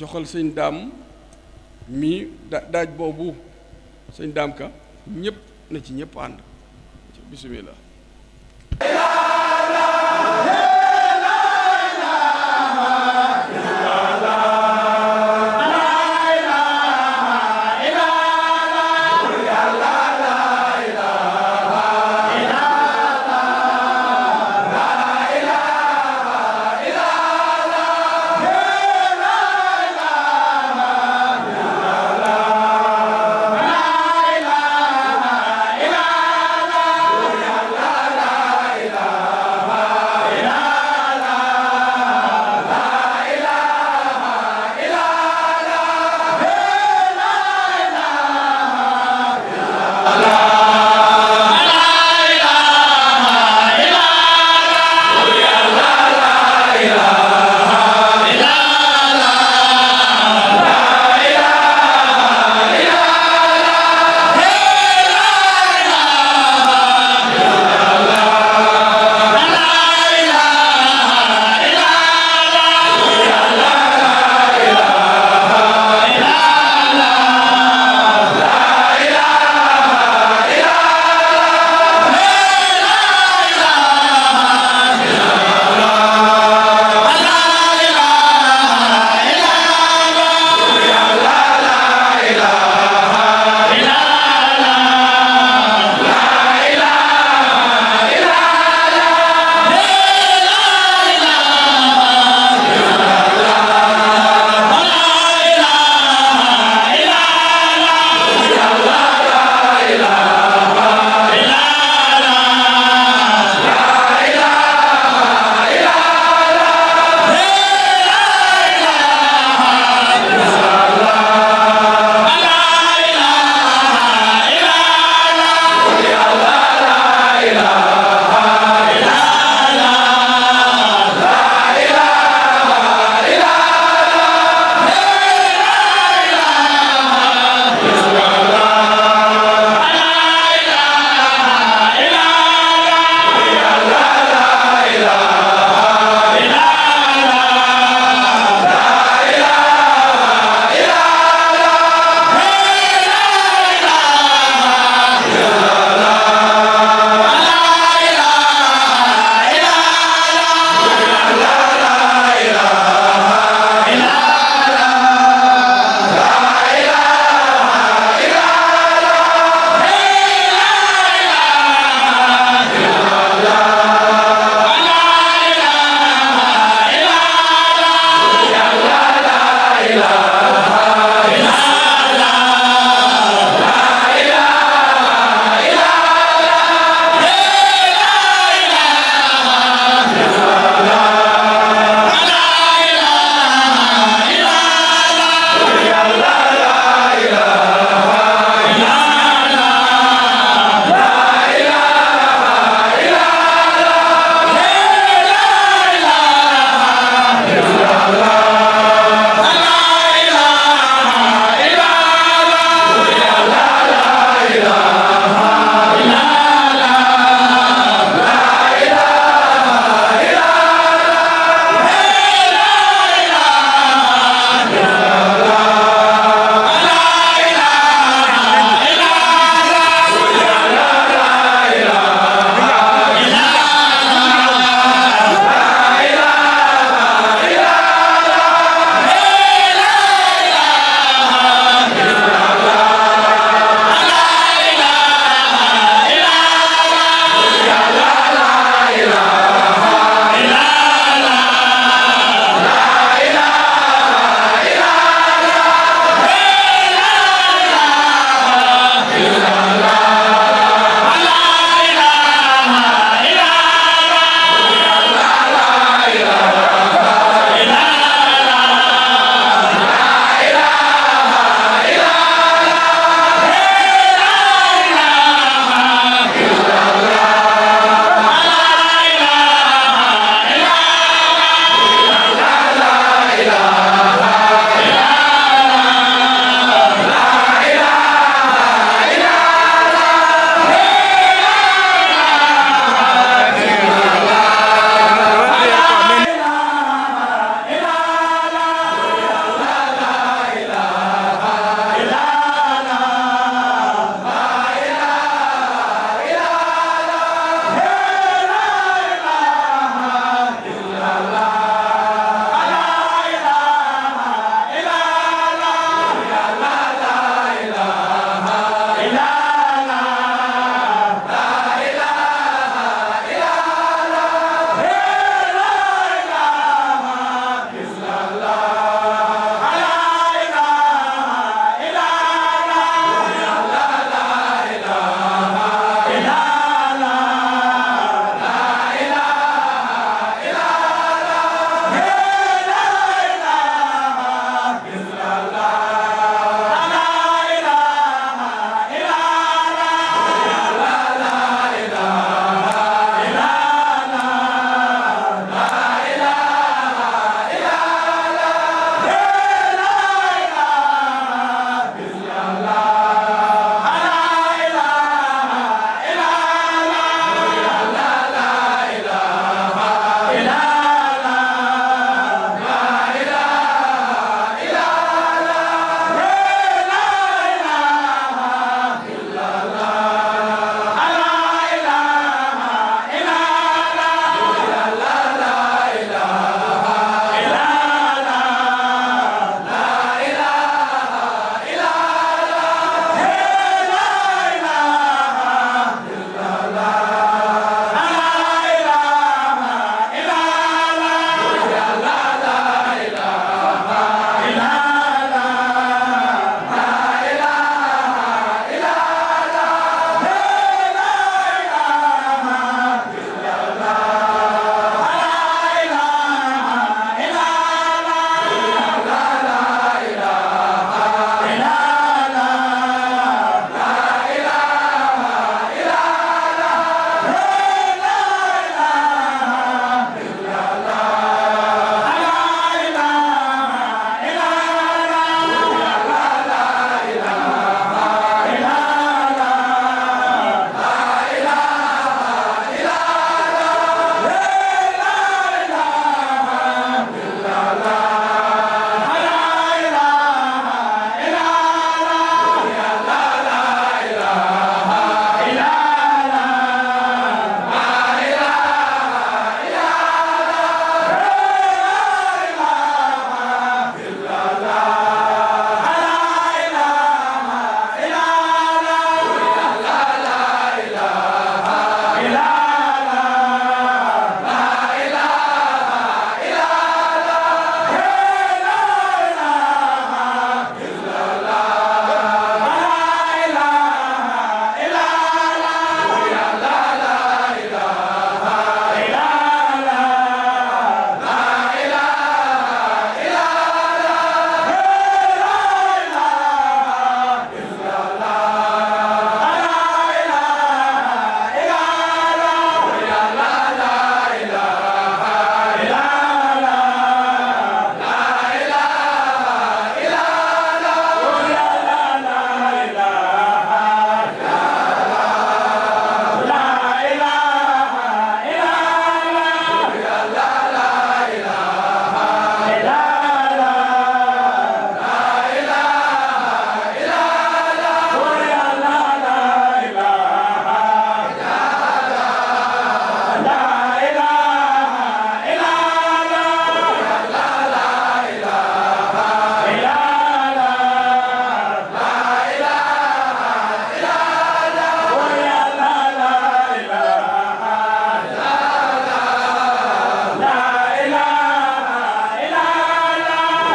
joxal sëñ daam mi daaj boobu sëñ daam ka ñëpp na ci ñëpp ànd bisimilah.